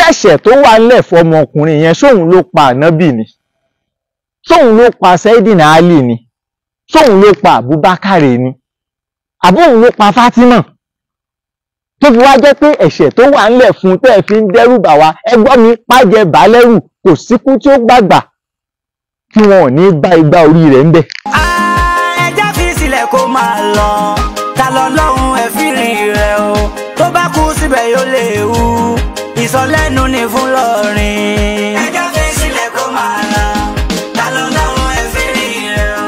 lẹ̀ṣẹ̀ tó wà ńlẹ̀ fọmọkùnrin yẹn sóun ló pa ànábì ni sóun ló pa sẹ́dínà Álì ni sóun ló pa Abubakar ni àbóun ló pa Fátímà tó fi wá jẹ́ pé ẹ̀ṣẹ̀ tó wà ńlẹ̀ fún tẹ́ ẹ fi ń dẹ́rù bà wá ẹgbọ́n mi pàjẹ́ bàálẹ́rù kò síkú tí ó gbàgbà kí wọn ò ní bá igba orí rẹ̀ ń bẹ̀. ẹja fi sílẹ̀ kó máa lọ ta lọ́lọ́run ẹ̀ fi rìn rẹ̀ o tó bá kú síbẹ̀ yóò léwu sọ lẹ́nu ni fún lọ́rin. ẹjọ́ fi sílẹ̀ kó máa lọ ta ló láwọn ẹ̀fẹ́ rí rẹ̀ o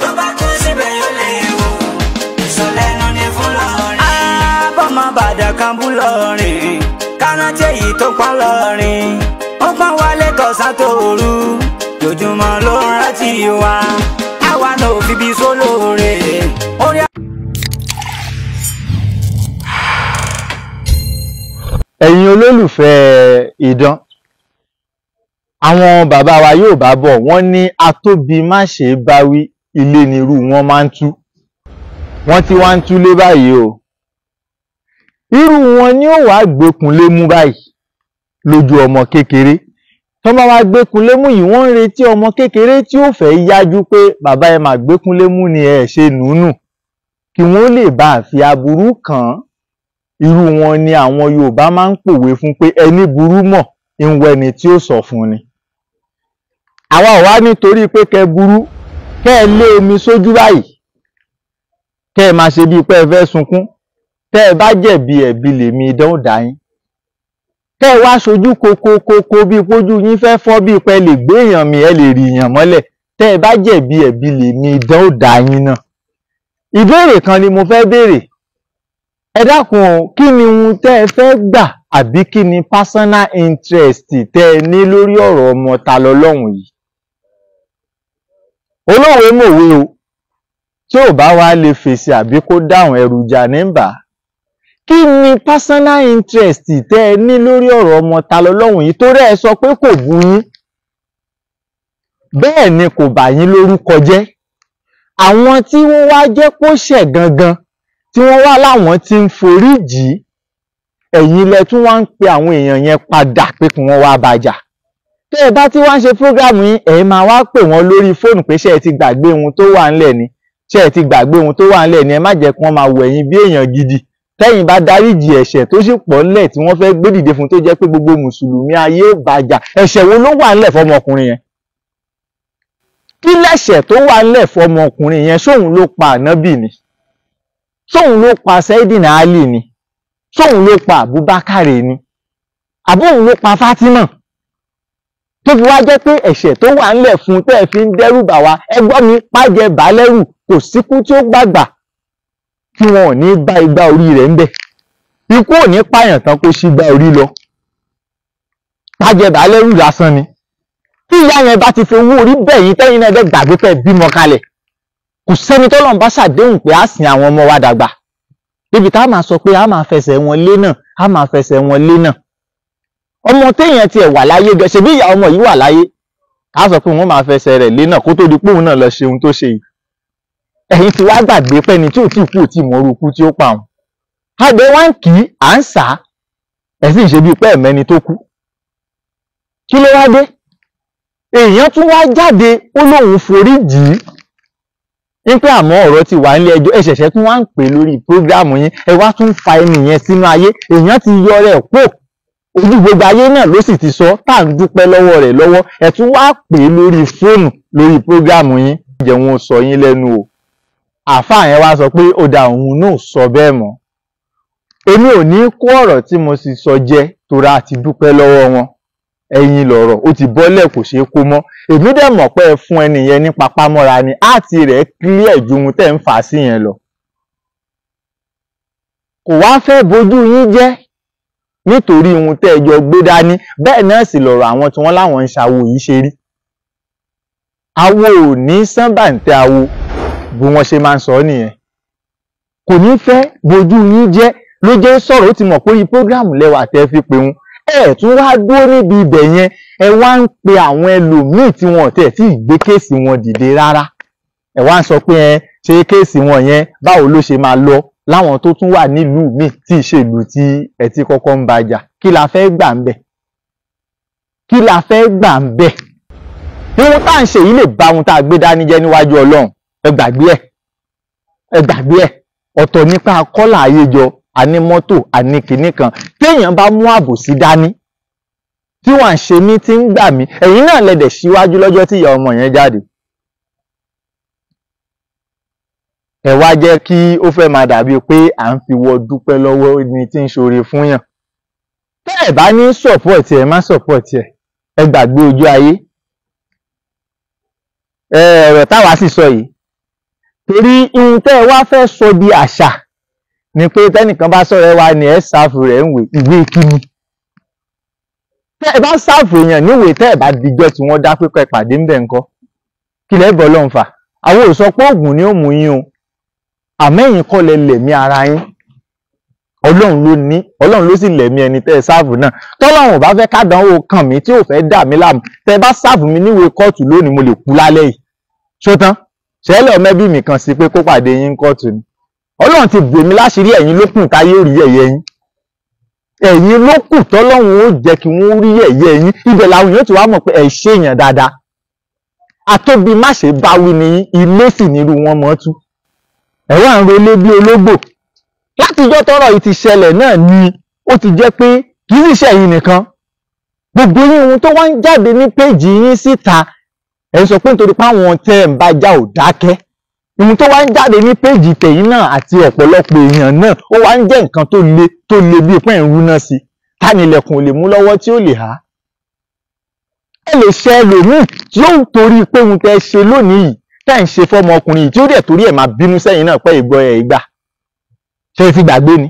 tó bá kú síbẹ̀ yóò lè wò ìsọ lẹ́nu ni fún lọ́rin. àbọ̀mọ bàdà kan bú lọ́rin kárántì èyí tó pọ́n lọ́rin ó pọ́n wálé tọ̀sán tòru lójúmọ́ ló rántí wa àwa náà ò fi bí sólóore. ẹ̀yin olólùfẹ́ idán àwọn bàbá wa yóò bá bọ̀ wọ́n ní atóbi má ṣe báwí ilé nirú wọn máa ń tú wọ́n ti wá ń túlé báyìí o irú wọn ni ó wàá gbékunlé mú báyìí lójú ọmọ kékeré tó bá wá gbékunlé mú yìí wọ́n ń retí ọmọ kékeré tí ó fẹ́ yájú pé bàbá ẹ mà gbékunlé mú ni ẹ ṣe nùnù kí wọ́n lè bá àfi aburú kàn án irú wọn ni àwọn Yorùbá máa ń pòwe fún pé ẹni burú mọ̀ ń wọ ẹni tí ó sọ fún ni àwa ò wá nítorí pé kẹ burú kẹ ẹ lé omi sójú báyìí kẹ ẹ máa ṣe bíi pé ẹ fẹ́ sunkún tẹ ẹ bá jẹ̀bi ẹ̀bi lèmi ìdánwò dá yín ẹ wá sojú kokokoko bíi pójú yín fẹ́ fọ́ bíi pé ẹ lè gbé èèyàn mi ẹ lè rí èèyàn mọ́lẹ̀ tẹ ẹ bá jẹ̀bi ẹ̀bi lèmi ìdánwò dá náà ìbéèrè kan ni mo fẹ́ béèrè ẹ dákun o kí ni ohun tẹ́ ẹ fẹ́ gbà àbí kí ni personal interest tẹ́ ẹ ní lórí ọ̀rọ̀ ọmọ ta lọ́lọ́run yìí olóòwe mòwe o tí ò bá wá lè fèsì àbí kó dáhùn èròjà níbà kí ni personal interest tẹ́ ẹ ní lórí ọ̀rọ̀ ọmọ ta lọ́lọ́run yìí tó rẹ́ ẹ sọ pé kò bu yín bẹ́ẹ̀ ni kò bà yín lórúkọ jẹ́ àwọn tí wọ́n wá jẹ́ kó ṣẹ̀ gangan tí wọ́n wá láwọn ti ń foríjì ẹ̀yin ilẹ̀ tún wá ń pe àwọn èèyàn yẹn padà pé kí wọ́n wá bàjà tẹ́ ẹ bá ti wá ń ṣe program yín ẹ̀ máa wá pè wọ́n lórí fóònù pé ṣé ẹ ti gbàgbé ohun tó wà ńlẹ̀ ni ṣé ẹ ti gbàgbé ohun tó wà ńlẹ̀ ni ẹ má jẹ́ kí wọ́n máa wò ẹ̀yin bí èèyàn gidi tẹ́yìn bá dáríjì ẹ̀ṣẹ̀ tó sì pọ̀ ńlẹ̀ tí wọ́n fẹ́ gbé dìde fún tó jẹ́ pé gbogbo mùsùlùmí ayé bàjà ẹ̀ṣẹ̀ wo ló wà ńlẹ̀ fọmọkùnrin yẹn kí lẹ̀ṣẹ̀ tó wà ńlẹ̀ fọmọkùnrin yẹn sóun ló pa ànábì ni sóun ló pa Saidina Ali ni sóun ló pa Abubakar ni àbóun ló pa Fatima tó fi wá jẹ́ pé ẹ̀ṣẹ̀ tó wà ńlẹ̀ fún tẹ́ ẹ fi ń dẹ́rù bà wá ẹgbọ́n mi pàjẹ́ bàálẹ́rù kò síkú tí ó gbàgbà kí wọn ò ní bá igbá orí rẹ̀ ń bẹ̀ ikú ò ní pààyàn tán kó sí igbá orí lọ pàjẹ́ bàálẹ́rù lásán ni tí ìyá yẹn bá ti fi owó orí bẹ̀yìn tẹ́yìn náà dẹ́ gbàgbé pẹ́ bímọ kalẹ̀ kò sẹ́ni tọ́lọ́run bá ṣàdéhùn pé á sin àwọn ọmọ wa dàgbà débi tá a máa sọ pé a máa fẹsẹ̀ wọn lé náà a máa fẹsẹ̀ wọn lé náà ọmọ téèyàn tiẹ̀ wà láyé gan ṣebí ìyá ọmọ yìí wà láyé a sọ pé wọ́n máa fẹsẹ̀ rẹ̀ lé náà kó tó di póun náà lọ ṣe ohun tó ṣe yìí ẹ̀yin ti wá gbàgbé pẹ́ni tí ò tí kú ò tí mọ orúkú tí ó pa òun àgbẹ̀ wá ń kì í à ń sà á ẹ̀ sì ń ṣe bíi pé ẹ̀mẹ́ni tó kú kí ló wá dé èèyàn tún wá jáde ó lóun forí jì í nípa àmọ́ ọ̀rọ̀ ti wà nílé ẹjọ́ ẹ tún wá ń pè lórí prógráàmù yín ẹ wá tún fa ẹni yẹn sínú ayé èèyàn ti yọ rẹ̀ pò ojú gbogbo ayé náà ló sì ti sọ tá à ń dúpẹ́ lọ́wọ́ rẹ̀ lọ́wọ́ ẹ tún wá pè lórí fóònù lórí prógráàmù yín jẹ́ wọn sọ yín lẹ́nu o àáfàá yẹn wá sọ pé ó da òun náà sọ bẹ́ẹ̀ mọ́ èmi ò ní kó ọ̀rọ̀ tí mo sì sọ jẹ torí a dúpẹ́ lọ́wọ́ wọn ẹ̀yin lọ̀rọ̀ ó ti bọ́lẹ̀ kò ṣeé kó mọ́ èmi dẹ̀ mọ̀ pé fún ẹni yẹn ní papámọ́ra ni áàtì rẹ̀ clear ju ohun tẹ́ ń fà á sí yẹn lọ. kò wá fẹ́ bójú yín jẹ́ nítorí ohun tẹ́ ẹ jọ gbé dání bẹ́ẹ̀ náà sì lọ̀rọ̀ àwọn tí wọ́n láwọn ń ṣàwo yìí ṣe rí. awo ò ní sábàǹtẹ̀ awo bí wọ́n ṣe máa ń sọ nìyẹn kò ní fẹ́ bójú yín jẹ́ ló jẹ́ sọ̀rọ̀ ó ti mọ̀ pé orí prógráàmù lẹ́wà tẹ́ fi pe wọn ẹ̀ tún wá dúró níbi ibẹ̀ yẹn ẹ wá ń pe àwọn ẹlòmíì tí wọn tẹ̀ tí ìgbé kéèsì wọn dìde rárá ẹ wá ń sọ pé ẹ ṣe kéèsì wọn yẹn báwo ló ṣe máa lọ láwọn tó tún wà nílùú míì tí ìṣèlú tí ẹ ti kọ́kọ́ ń bàjà kí la fẹ́ gbà ń bẹ̀ kí la fẹ́ gbà ń bẹ̀ ohun tá à ń ṣe yìí lè ba ohun tá a gbé dání jẹ́ níwájú Ọlọ́run ẹ gbàgbé ẹ ẹ gbàgbé ẹ ọ̀tọ̀ nípa kọ́là ayéjọ àní mọ́tò àní kìíní kan téèyàn bá mú àbòsí dání tí wọ́n à ń ṣe mí tí ń gbà mí ẹ̀yin náà lẹ̀dẹ̀ síwájú lọ́jọ́ tí ìyá ọmọ yẹn jáde. ẹ wá jẹ́ kí ó fẹ́ máa dàbí pé à ń fi wọ dúpẹ́ lọ́wọ́ ni tí ń ṣoore fún yàn. tẹ́ ẹ̀ bá ní sọ̀pọ̀tì ẹ̀ má sọ̀pọ̀tì ẹ̀ ẹ gbàgbé ojú ayé. ẹ̀rọ táwa sì sọ yìí torí ohun tẹ́ ẹ wá fẹ́ sọ di àṣà ni pé tẹ́nìkan bá sọ̀rọ̀ ẹ wa ni ẹ ṣàfù rẹ̀ ń wè ìwé kíni tẹ́ ẹ bá ṣàfù èèyàn níwèé tẹ́ ẹ bá dijọ́ tí wọ́n dá pípẹ́ pàdé ńbẹ̀ ńkọ́ kí lẹ́ bọ́ lọ́nfà àwọn ò pé oògùn ni ó mú yín o àmẹ́yìn kọ́ lẹ lẹ̀mí ara yín ọlọ́run ló ní ọlọ́run ló sì lẹ̀mí ẹni tẹ́ ẹ ṣàfù náà tọ́lọ́run ò bá fẹ́ kádánwò kàn mí tí ò fẹ́ dà mí láàmú tẹ́ ẹ bá ṣàfù mi níwèé kóòtù lónìí mo lè kú lálẹ́ yìí ṣótán ṣẹlẹ̀ ọmọ ẹbí mi kan sí pé kó pàdé yín kóòtù ni ọlọ́run ti bò mí láṣìírí ẹ̀yin ló kùn táyé rí ẹ̀yẹ yín ẹ̀yin ló kù tọ́lọ́run ó jẹ́ kí wọ́n rí ẹ̀yẹ yín ibẹ̀ làwọn èèyàn ti wá mọ̀ pé ẹ̀ ṣe èèyàn dáadáa àtóbi má ṣe báwí ni ilé sì nírú wọn mọ́ tú ẹ̀ wá ń relé bí ológbò látijọ́ tọ́rọ̀ yìí ti ṣẹlẹ̀ náà ni ó ti jẹ́ pé kì í ṣe ẹ̀yin nìkan gbogbo yín ohun tó wá ń jáde ní péjì yín síta ẹ̀ sọ pé nítorí pé àwọn tẹ́ ẹ̀ ń bá já ò dákẹ́ ìhun tó wá ń jáde ní péjì tẹ̀yìn náà àti ọ̀pọ̀lọpọ̀ èèyàn náà ó wá ń jẹ́ nǹkan tó le tó le bíi pẹ́ ń rúná sí tánilẹ̀kùn ò lè mú lọ́wọ́ tí ó lè há ẹ lè ṣe ẹlòmíì tí ó ń torí pé ohun tẹ́ ṣe lónìí yìí tẹ́ ń ṣe fọmọkùnrin yìí tí ó dẹ̀ torí ẹ̀ máa bínú sẹ́yìn náà pé ìgbọ́ ẹ̀ gbà ṣe ti gbàgbé ni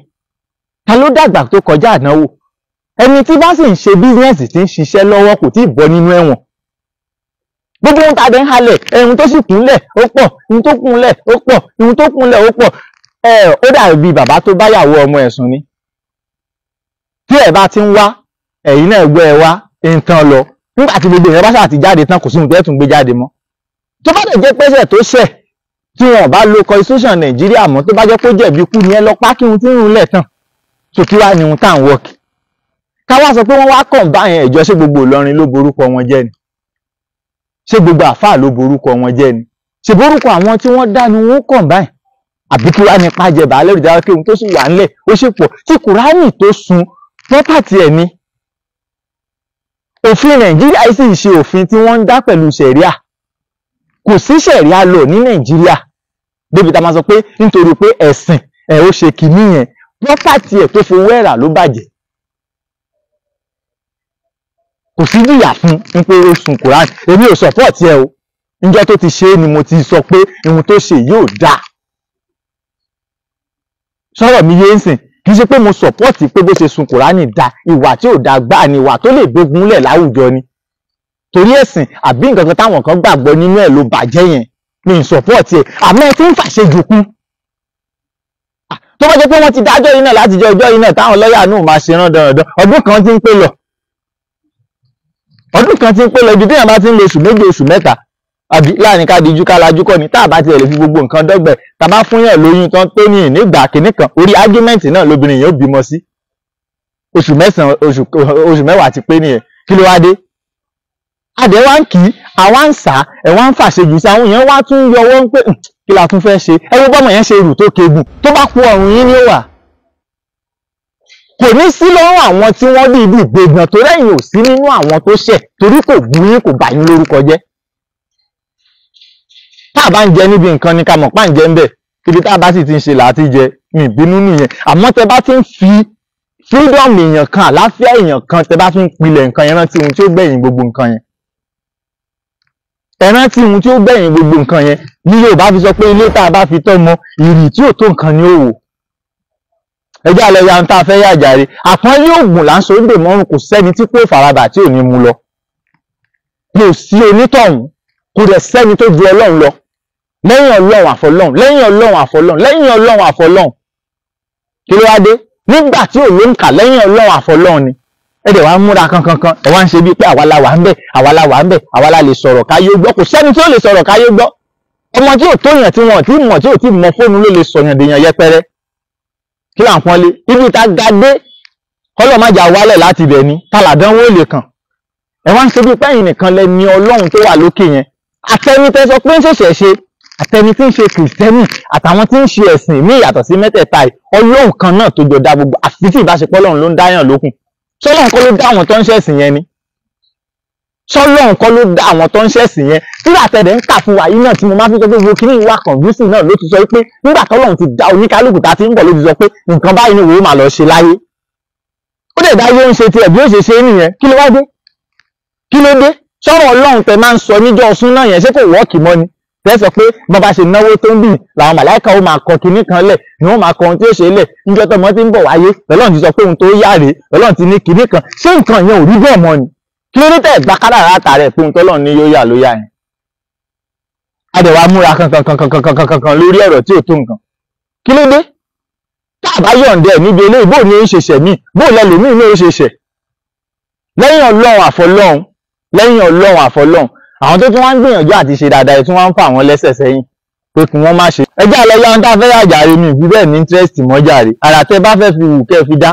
ta ló dàgbà tó kọjá àdánwò ẹni tí bá sì ń ṣe bísíǹsì gbogbo ohun tàbí ń halẹ̀ ohun tó sì kúnlẹ̀ ó pọ̀ ohun tó kúnlẹ̀ ó pọ̀ ohun tó kúnlẹ̀ ó pọ̀ ẹ ó dàbí bí bàbá tó bá yàwó ọmọ ẹ̀ sùn ni tí ẹ̀ bá ti ń wá ẹ̀yin náà gbọ́ ẹ wá nǹkan lọ nígbà tí gbogbo ìyẹn bá ṣáà ti jáde tán kò sí nǹkan ẹ̀ gbé jáde mọ́ tó bá dẹ̀ jẹ́ pẹ́sẹ̀ tó ṣẹ̀ tí wọn bá lo constitution nàìjíríà mọ́ tó bá jẹ́ kó jẹ̀bi kú ni ẹ lọ pa kí ohun tí ń rún lẹ̀ tán so kí wá ni ohun tá à ń sọ pé wọ́n wá kàn bá ìjọ ṣé gbogbo ìlọrin ló borúkọ wọn jẹ́ ni ṣé gbogbo àfáà ló borúkọ wọn jẹ́ ni ṣe borúkọ àwọn tí wọ́n dá ni wọ́n kàn báyìí àbí kí wàá nípa jẹ bàálẹ òdìdára kí ohun tó sì wà ńlẹ̀ ó ṣe pọ̀ tí kùránì tó sun pọ́pàtì ẹ̀ ni òfin nàìjíríà sì ṣe òfin tí wọ́n ń dá pẹ̀lú sẹ̀ríà kò sí sẹ̀ríà lọ ní nàìjíríà débi tá a máa sọ pé nítorí pé ẹ̀sìn ẹ̀ ó ṣe kìíní yẹn pọ́pàtì ẹ̀ tó fowó ẹ̀rà ló bàjẹ́ kò sí jìyà fún un pé ó sun Quran èmi ò support ẹ o níjọ́ tó ti ṣe é ni mo ti sọ pé ohun tó ṣe yóò dáa sọ̀rọ̀ mi yé ń kì í ṣe pé mo support pé bó ṣe sun Quran da ìwà tí ò dáa gbáà ni ìwà tó lè gbógunlẹ̀ láwùjọ ni torí ẹ̀sìn àbí nǹkan kan táwọn kan gbàgbọ́ nínú ẹ̀ ló bàjẹ́ yẹn mi support ẹ̀ àmọ́ ẹ ti ń fàṣejù kún ah, tó bá jẹ́ pé wọ́n ti dájọ́ yìí náà látijọ́ ọjọ́ yìí náà táwọn lọ́ọ̀yà náà máa ṣe rán dandan ọdún kan ti ń pè lọ ọdún kan ti ń pé lọ ibi téèyàn bá ti ń lo oṣù méje oṣù mẹ́ta àbí láàrin ká dijú ká lajú kọ́ ni tá a bá tiẹ̀ lè fi gbogbo nǹkan dọ́gbẹ̀ tá a bá fún yàn lóyún tán tó ní ìnígbà kìíní kan orí ágímẹ́ǹtì náà lóbìnrin yẹn ó bímọ sí oṣù mẹ́sàn-án oṣù mẹ́wàá ti pé nìyẹn kí ló wá dé adẹ wa ń kì í àwa ń sà á ẹ wá ń fàṣejù sí àwọn èèyàn wá tún yọwọ́ ń pé kí la tún fẹ́ ṣe ẹ wo bọ́mọ yẹn ṣe rù tó kegun tó bá ku ọ̀run yín ni ó wà kò ní sí lọ́rùn àwọn tí wọ́n bí ibi ìgbègbọ̀n tó rẹ́yìn ò sí nínú àwọn tó ṣẹ̀ torí kò bú yín kò bà yín lórúkọ jẹ́ tá a bá ń jẹ níbi nǹkan ni ká mọ̀ pá ń jẹ ń bẹ̀ kíbi tá a bá sì ti ń ṣe là á ti jẹ mi ìbínú nìyẹn àmọ́ tẹ bá ti ń fi freedom èèyàn kan àlàáfíà èèyàn kan tẹ bá fi ń pilẹ̀ nǹkan yẹn rántí ohun tí ó gbẹ̀yìn gbogbo nǹkan yẹn ẹ rántí ohun tí ó gbẹ̀yìn gbogbo nǹkan yẹn ni Yorùbá fi sọ pé ilé tá a bá fi tọ́ mọ ìrì tí ò tó nǹkan ni ó wò ẹjẹ́ àlọ́ ya ń tá a fẹ́ yà jàre àpọ́nlé ògùn là ń sọ dè mọ́rùn kò sẹ́ni tí kò farabà tí ò ní mu lọ kò sí onítọ̀hún kò dẹ̀ sẹ́ni tó ju ọlọ́run lọ lẹ́yìn ọlọ́run àfọlọ́run lẹ́yìn ọlọ́run àfọlọ́run lẹ́yìn ọlọ́run àfọlọ́run kí ló wá dé nígbà tí ò ló ń kà lẹ́yìn ọlọ́run àfọlọ́run ni ẹ dẹ̀ wá ń múra kankankan ẹ wá ń ṣe bíi pé àwa la wà ń bẹ̀ àwa la wà ń bẹ̀ àwa la lè sọ̀rọ̀ káyé gbọ́ kò sẹ́ni tí ó lè sọ̀rọ̀ káyé gbọ́ ọmọ tí ò tóyàn tí wọn ò tí mọ̀ tí ò tí mọ fóònù ló lè sọ̀yàn dèèyàn yẹpẹrẹ kí là ń pọ́nlé ibi tá ga dé kọ́lọ̀ má jà wálẹ̀ láti ibẹ̀ ni tàlàdánwò lè kàn ẹ wá ń ṣe bí pẹ́yìn nìkan lẹni ọlọ́run tó wà lókè yẹn àtẹni tẹ sọ pé ń ṣẹ̀ṣẹ̀ ṣe àtẹni tí ń ṣe kìrìtẹ́nì àtàwọn tí ń ṣe ẹ̀sìn mí ìyàtọ̀ sí mẹ́tẹ̀ẹ̀ta yìí ọlọ́run kan náà tó jọ dá gbogbo àfi tí ìbáṣepọ̀ ọlọ́run ló ń dáyàn lókun sọlọ́run kọ́ ló dá àwọn tó ń ṣẹ̀sìn yẹn ni sọlọ́run kọ́ ló dá àwọn tó ń ṣẹ̀sìn yẹn tíra tẹ̀dẹ̀ ń kà fún wa yìí náà tí mo máa fi sọ pé wo kí ní ìwà convincing náà ló ti sọ pé nígbà tọ́lọ́run ti da oníkálùkù tá a ti ń bọ̀ ló ti sọ pé nǹkan báyìí ni wòó máa lọ ṣe láyé ó dẹ̀ dá yóò ń ṣe tiẹ̀ bí ó ṣe ṣe nìyẹn kí ló wá dé kí ló dé sọ̀rọ̀ ọlọ́run tẹ máa ń sọ níjọ́ ọ̀sùn náà yẹn ṣé kò wọ́ọ̀kì mọ́ ni tẹ́ sọ pé bàbá ṣe náwó tó ń bì làwọn màláìka ó máa kọ kinní kan lẹ̀ ni wọ́n máa kọ ohun tí ó ṣe lẹ̀ níjọ́ tọmọ tí ń bọ̀ wáyé ọlọ́run ti sọ pé ohun tó yá rèé ọlọ́run ti ní kinní kan ṣé nǹkan yẹn ò rí bẹ́ẹ̀ mọ́ ni kí ló dé tẹ̀ gbàkárà látàrẹ̀ pé ohun tọ́lọ́run ní yóò yà ló yà yẹn a dẹ̀ wá múra kankankankankankan lórí ọ̀rọ̀ tí ò tó nǹkan kí ló dé tá a bá yọ̀ǹdẹ̀ níbi eléyìí bóò ní í ṣe ṣẹ̀ míì bóò lẹ́lòmíì ní í ṣe ṣẹ̀ lẹ́yìn ọlọ́run àfọlọ́run lẹ́yìn ọlọ́run àfọlọ́run àwọn tó tún wá ń gbìyànjú àti ṣe dáadáa tí wọ́n ń fà wọ́n lẹ́sẹ̀ sẹ́yìn pé kí wọ́n má ṣe. ẹ jẹ́ àlọ́ yáwọn tá a fẹ́ yà jàre mi ìfi bẹ́ẹ̀ ní interest mọ́ jàre ara tẹ́ bá fẹ́ fi wù kẹ́ fi dá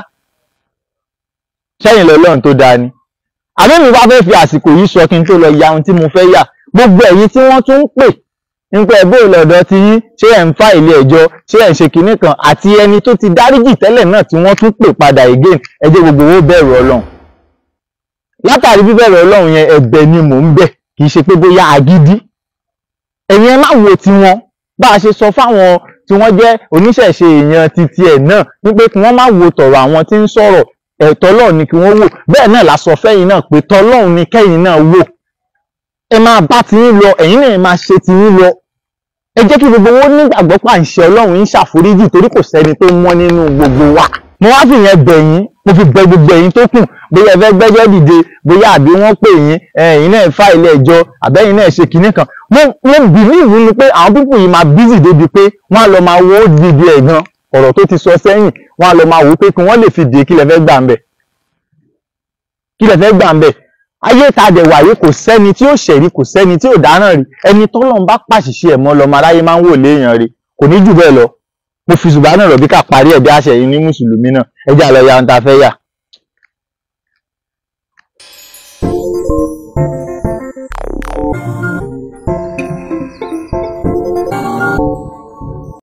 sẹ́yìn lọ́lọ́run tó dáa ni. àbí mi bá fẹ́ fi àsìkò yìí sọ kí n tó lọ ya ohun tí mo fẹ́ yà gbogbo ẹ̀yin tí wọ́n tún ń pè nípa ẹ̀bọ́ ìlọ̀dọ̀ ti yín ṣé ẹ̀ ń fa ilé ẹjọ́ ṣé ẹ̀ ń ṣe kinní kan àti ẹni tó ti dáríjì tẹ́lẹ̀ náà tí wọ́n tún pè padà again ẹ jẹ́ gbogbo owó bẹ̀rù ọlọ́run látàrí bíbẹ̀rù ọlọ́run yẹn ẹ̀bẹ̀ ni mò ń bẹ̀ kì í ṣe pé bóyá agídí ẹ̀yin ẹ má wo tiwọn bá a ṣe sọ fáwọn tí wọ́n jẹ́ oníṣẹ̀ṣe èèyàn titi ẹ̀ náà wípé kí wọ́n má wo tọ̀rọ̀ àwọn tí ń sọ̀rọ̀ ẹ̀tọ́ ọlọ́run ni kí wọ́n wò bẹ́ẹ̀ náà la sọ fẹ́yìn náà pé tọ́lọ́run ni kẹ́yìn náà wò ẹ máa bá tiyín lọ ẹ̀yin náà máa ṣe tiyín lọ ẹ jẹ́ kí gbogbo owó nígbàgbọ́ pàǹṣẹ ọlọ́run ń ṣàforíjì torí kò sẹ́ni tó mọ́ nínú gbogbo wa mo wá fi yẹn bẹ̀ yín mo fi bẹ̀ gbogbo ẹ̀yin tó kù bóyá ẹ fẹ́ gbẹ́jọ́ dìde bóyá àbí wọ́n pè yín ẹ̀yin náà fa ilé ẹjọ́ àbẹ́yìn náà ṣe kinní kan mo mo bìlíìfù ni pé àwọn púpù yìí máa bízì débi pé wọ́n á lọ máa wo dídí ẹ̀ gan ọ̀rọ̀ tó ti sọ sẹ́yìn wọ́n á lọ máa wò pé kí wọ́n lè fi dè kí lẹ gbà ń bẹ̀ ayé tá a dẹ̀ wà yìí kò sẹ́ni tí ò ṣẹ̀rí kò sẹ́ni tí ò dáràn rí ẹni tọ́lọ́run bá pàṣìṣe ẹ̀ lọ́mọ aráyé máa ń wò léèyàn rí kò ní jù bẹ́ẹ̀ lọ mo fi ṣùgbọ́n náà rọ̀ bí ká parí ẹ̀ bí àṣẹ yìí ní mùsùlùmí náà ẹ jẹ́ àlọ́ ya ohun tá fẹ́ yà.